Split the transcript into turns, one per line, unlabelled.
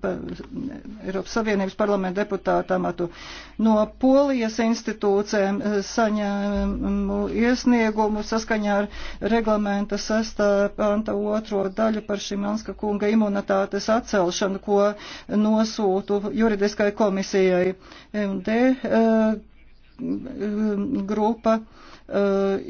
pa, Eiropas Savienības parlamenta deputāta amatu. No Polijas institūcijām eh, saņēmu iesniegumu saskaņā ar reglamenta 6. panta 2. daļu par šī Manska kunga imunitātes atcelšanu, ko nosūtu juridiskai komisijai. MD eh, grupa eh,